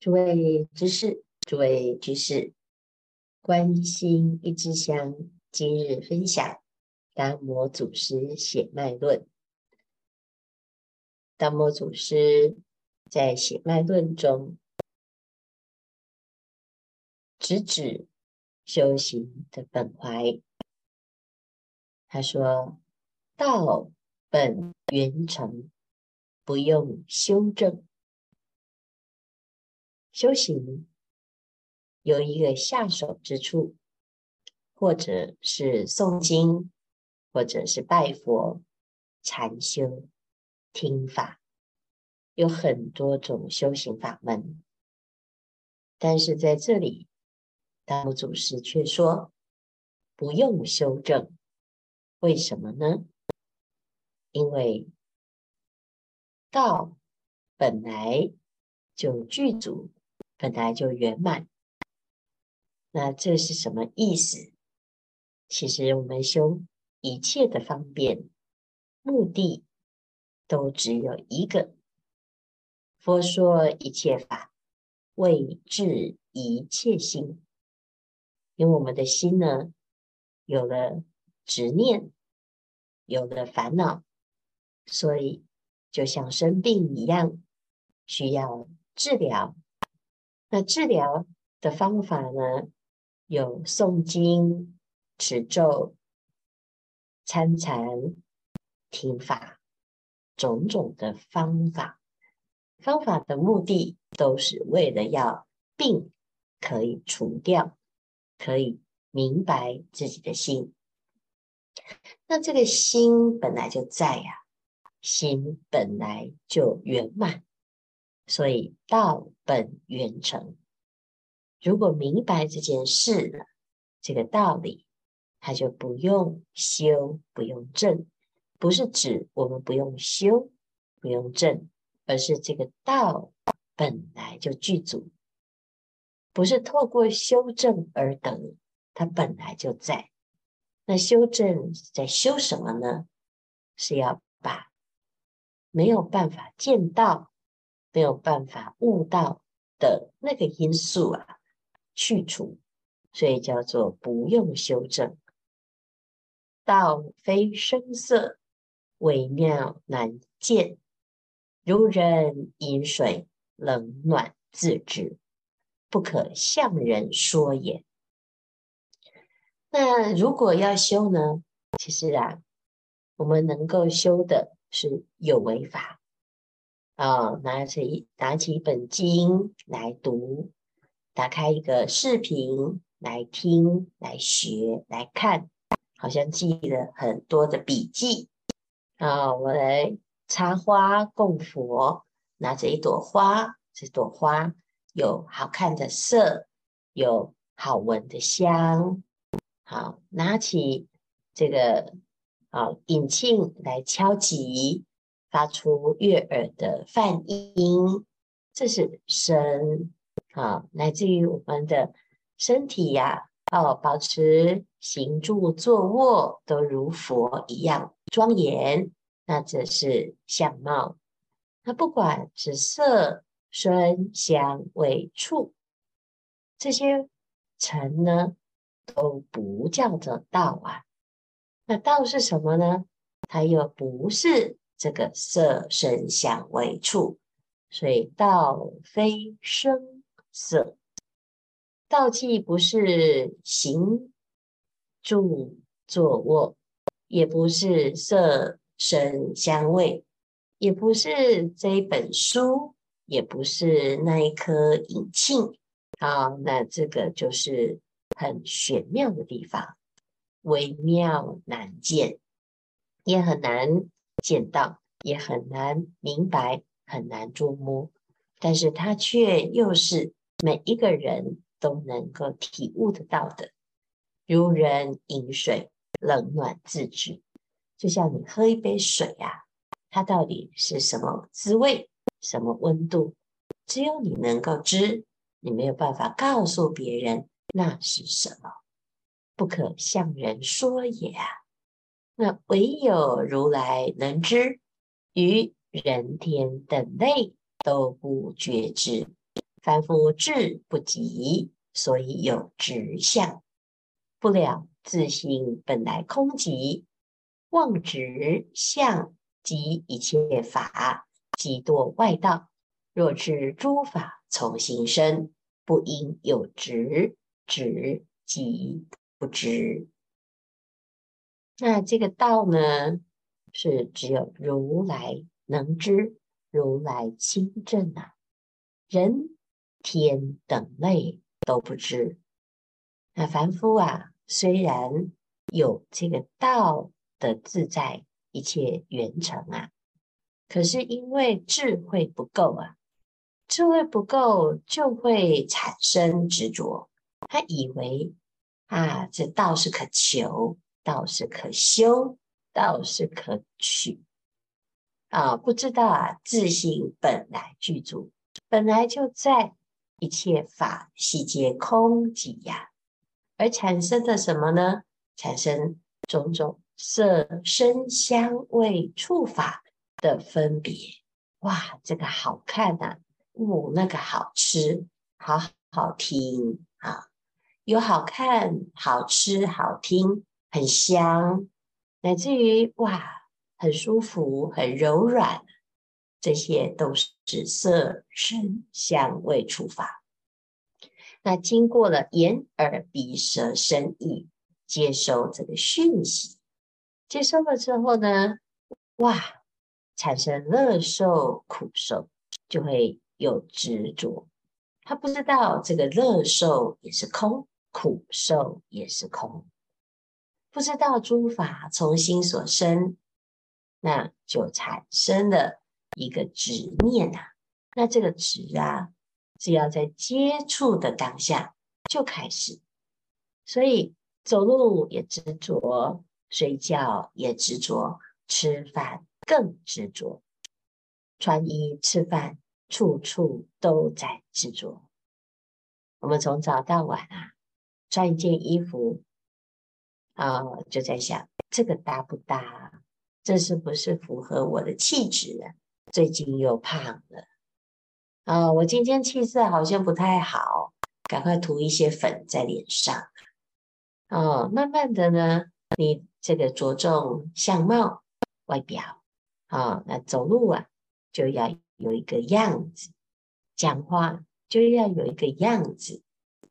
諸位居士，諸位居士，觀心一支香，今日分享達摩祖師血脈論。達摩祖師在血脈論中直指修行的本懷，他說：“道本圓成，不用修證。”修行有一個下手之處，或者是誦經，或者是拜佛、禪修、聽法，有很多種修行法門。但是在這裡，達摩祖師卻說不用修正證。為什麼呢？因為道本來就具足。本來就圓滿，那這是什麼意思？其實我們修一切的方便，目的都只有一個。佛說一切法，為治一切心。因為我們的心呢，有了執念，有了煩惱，所以就像生病一樣，需要治療。那治療的方法呢？有誦經、持咒、參禪、聽法、種種的方法。方法的目的都是為了要病可以除掉，可以明白自己的心。那這個心本來就在呀，啊，心本來就圓滿。所以道本圓成，如果明白這件事了，這個道理，它就不用修，不用證。不是指我們不用修，不用證，而是這個道本來就具足，不是透過修證而得，它本來就在。那修證在修什麼呢？是要把沒有辦法見到。沒有辦法悟到的那個因素啊，去除，所以叫做不用修證。道非聲色，微妙難見，如人飲水，冷暖自知，不可向人說也。那如果要修呢？其實啊，我們能夠修的是有為法。啊、哦，拿起一拿起一本經來讀，打開一個視頻來聽、來學、來看，好像記了很多的筆記。啊、哦，我來插花供佛，拿着一朵花，這朵花有好看的色，有好聞的香。好、哦，拿起這個啊引磬來敲擊。發出悅耳的梵音，這是聲啊，來自於我們的身體呀、啊。哦、啊，保持行住坐臥都如佛一樣莊嚴，那這是相貌。那不管是色、聲、香、味、觸這些塵呢，都不叫做道啊。那道是什麼呢？它又不是。這個色聲香味觸，所以道非聲色，道既不是行、住、坐、臥，也不是色聲香味，也不是這一本書，也不是那一顆引磬。好、啊，那這個就是很玄妙的地方，微妙難見，也很難。見到也很難明白，很難捉摸，但是它卻又是每一個人都能夠體悟得到的，如人飲水，冷暖自知。就像你喝一杯水啊，它到底是什麼滋味，什麼溫度，只有你能夠知，你沒有辦法告訴別人那是什麼，不可向人說也啊。那唯有如來能知，餘人天等類都不覺知。凡夫智不及，所以有執相。不了自心本來空寂，妄執相及一切法，即墮外道。若知諸法從心生，不應有執，執即不知。那這個道呢，是只有如來能知，如來親證啊，人天等類都不知。那凡夫啊，雖然有這個道的自在一切圓成啊，可是因為智慧不夠啊，智慧不夠就會產生執着，他以為啊，這道是可求。道是可修，道是可取，啊，不知道啊，自性本來具足，本來就在一切法，悉皆、空寂呀、啊，而產生的什麼呢？產生種種色、聲、香、味、觸、法的分別。哇，這個好看吶、啊，哦，那個好吃，好好聽啊，有好看、好吃、好聽。很香，乃至於哇，很舒服，很柔軟，這些都是色聲是香味觸法。那經過了眼耳鼻舌身意接收這個訊息，接收了之後呢，哇，產生樂受苦受，就會有執着。他不知道這個樂受也是空，苦受也是空。不知道諸法從心所生，那就產生了一個執念吶啊。那這個執啊，只要在接觸的當下就開始。所以走路也執着，睡覺也執着，吃飯更執着，穿衣、吃飯，處處都在執着。我們從早到晚啊，穿一件衣服。啊、哦，就在想這個搭不搭？這是不是符合我的氣質啊？最近又胖了，啊、哦，我今天氣色好像不太好，趕快塗一些粉在臉上。哦，慢慢的呢，你這個着重相貌、外表，啊、哦，那走路啊就要有一個樣子，講話就要有一個樣子，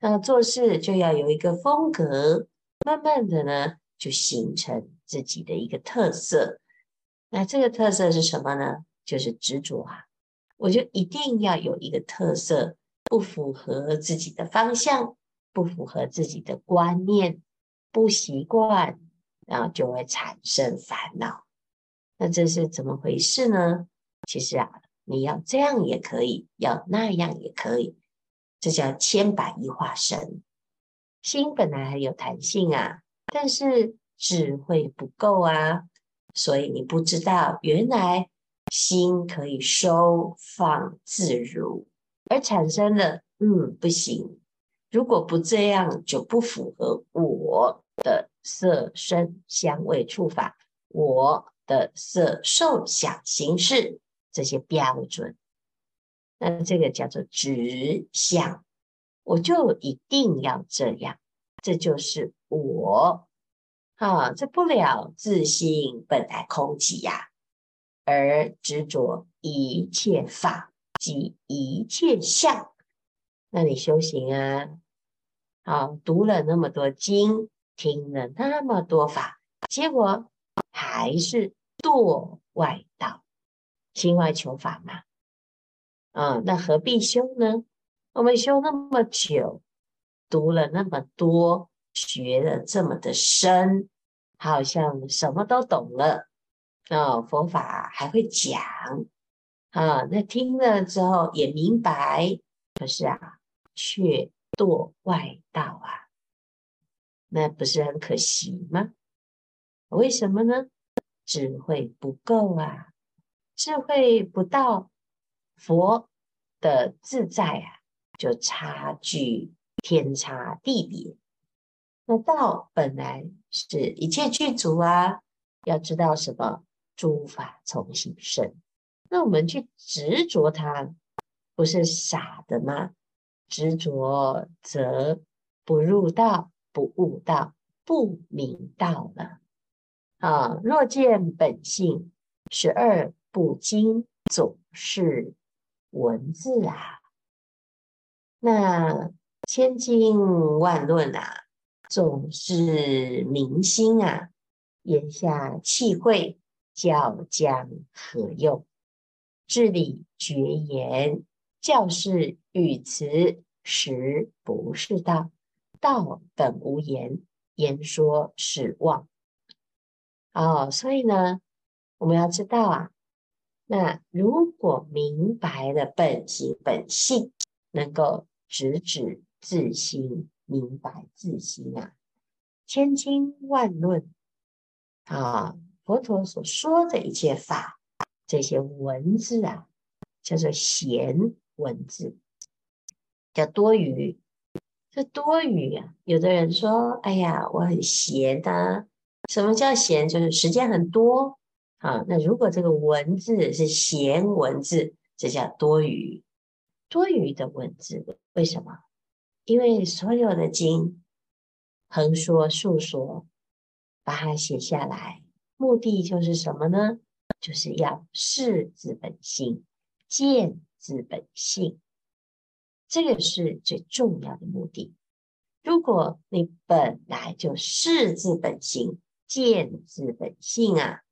那、呃、做事就要有一個風格。慢慢的呢，就形成自己的一個特色。那這個特色是什麼呢？就是執着啊！我就一定要有一個特色，不符合自己的方向，不符合自己的觀念，不習慣，然後就會產生煩惱。那這是怎麼回事呢？其實啊，你要這樣也可以，要那樣也可以，這叫千百億化身。心本來很有彈性啊，但是智慧不夠啊，所以你不知道原來心可以收放自如，而產生了，嗯，不行，如果不這樣就不符合我的色聲香味觸法，我的色受想行識這些標準，那這個叫做執相。我就一定要這樣，這就是我，啊，這不了自心本來空寂呀、啊，而執着一切法即一切相，那你修行啊，啊，讀了那麼多經，聽了那麼多法，結果還是墮外道，心外求法嘛，嗯、啊，那何必修呢？我們修那麼久，讀了那麼多，學了這麼的深，好像什麼都懂了。哦，佛法還會講，啊、哦，那聽了之後也明白，可是啊，卻墮外道啊，那不是很可惜嗎？為什麼呢？智慧不夠啊，智慧不到佛的自在啊。就差距天差地別，那道本來是一切具足啊，要知道什麼諸法從心生，那我們去執着它，不是傻的嗎？執着則不入道，不悟道，不明道了啊！若見本性，十二部經總是文字啊。那千經萬論啊，總是明心啊。言下契會，教將何用？至理絕言，教是語詞，實不是道。道本無言，言說是妄。哦，所以呢，我們要知道啊，那如果明白了本性本性。能夠直指自心，明白自心啊，千經萬論啊，佛陀所說的一切法，這些文字啊，叫做閑文字，叫多餘，這多餘啊。有的人說：“哎呀，我很閑的啊。”什麼叫閑？就是時間很多啊。那如果這個文字是閑文字，這叫多餘。多餘的文字，為什麼？因為所有的經橫說豎說，把它寫下來，目的就是什麼呢？就是要識自本心，見自本性，這個是最重要的目的。如果你本來就識自本心，見自本性啊，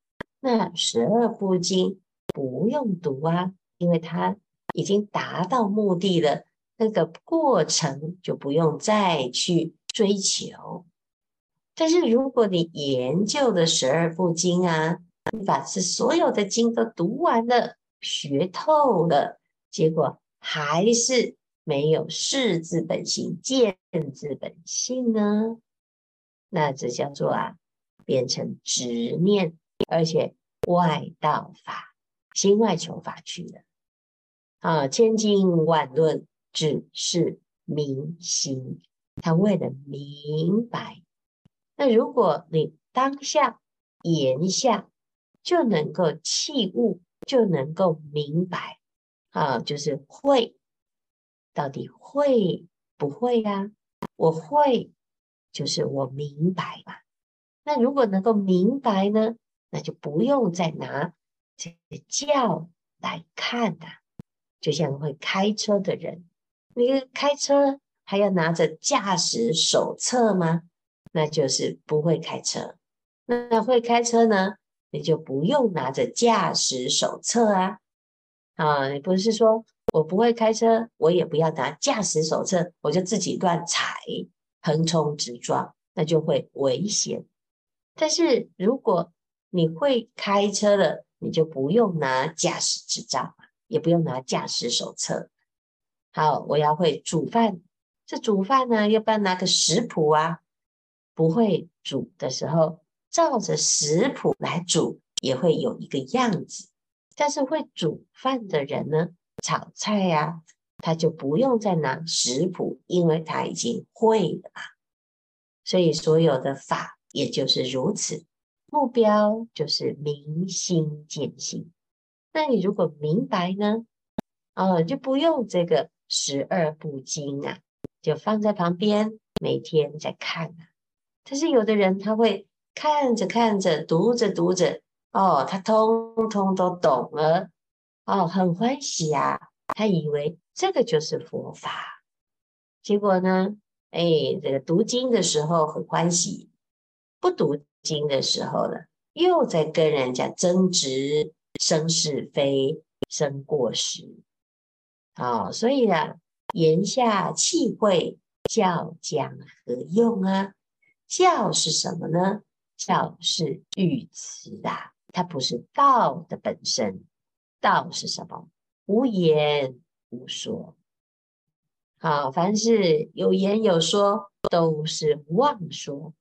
那十二部經不用讀啊，因為它。已經達到目的了，那個過程就不用再去追求。但是如果你研究的十二部經啊，你把這所有的經都讀完了、學透了，結果還是沒有識自本性、見自本性呢、啊？那這叫做啊，變成執念，而且外道法，心外求法去了。啊，千經萬論，只是明心，他為了明白。那如果你當下言下就能夠契會，就能夠明白啊，就是會，到底會不會呀、啊？我會，就是我明白吧。那如果能夠明白呢，那就不用再拿這個教來看的、啊。就像會開車的人，你開車還要拿着駕駛手冊嗎？那就是不會開車。那會開車呢，你就不用拿着駕駛手冊啊。啊，你不是說我不會開車，我也不要拿駕駛手冊，我就自己亂踩，橫衝直撞，那就會危險。但是如果你會開車了，你就不用拿駕駛執照。也不用拿駕駛手冊。好，我要會煮飯。這煮飯呢、啊，要不要拿個食譜啊？不會煮的時候，照着食譜來煮也會有一個樣子。但是會煮飯的人呢，炒菜呀、啊，他就不用再拿食譜，因為他已經會了。所以所有的法也就是如此，目標就是明心見性。那你如果明白呢，哦，就不用這個十二部經啊，就放在旁邊，每天在看啊。但是有的人他會看着看着，讀着讀着，哦，他通通都懂了，哦，很歡喜啊，他以為這個就是佛法。結果呢，哎，這個讀經的時候很歡喜，不讀經的時候呢，又在跟人家爭執。生是非，生過失。好、哦，所以呢，言下契會，教將何用啊？教是什麼呢？教是語詞啊，它不是道的本身。道是什麼？無言無說。好、哦，凡是有言有說，都是妄說、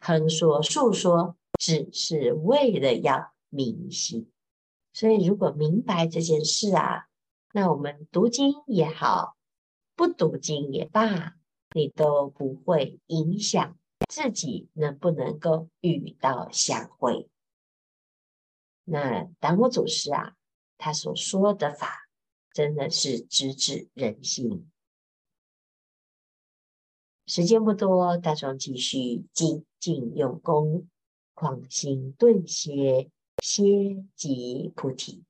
橫說、豎說，只是為了要明心。所以，如果明白這件事啊，那我們讀經也好，不讀經也罷，你都不會影響自己能不能夠遇到相會。那達摩祖師啊，他所說的法，真的是直指人心。時間不多，大眾繼續精進用功，狂心頓歇。心即菩提。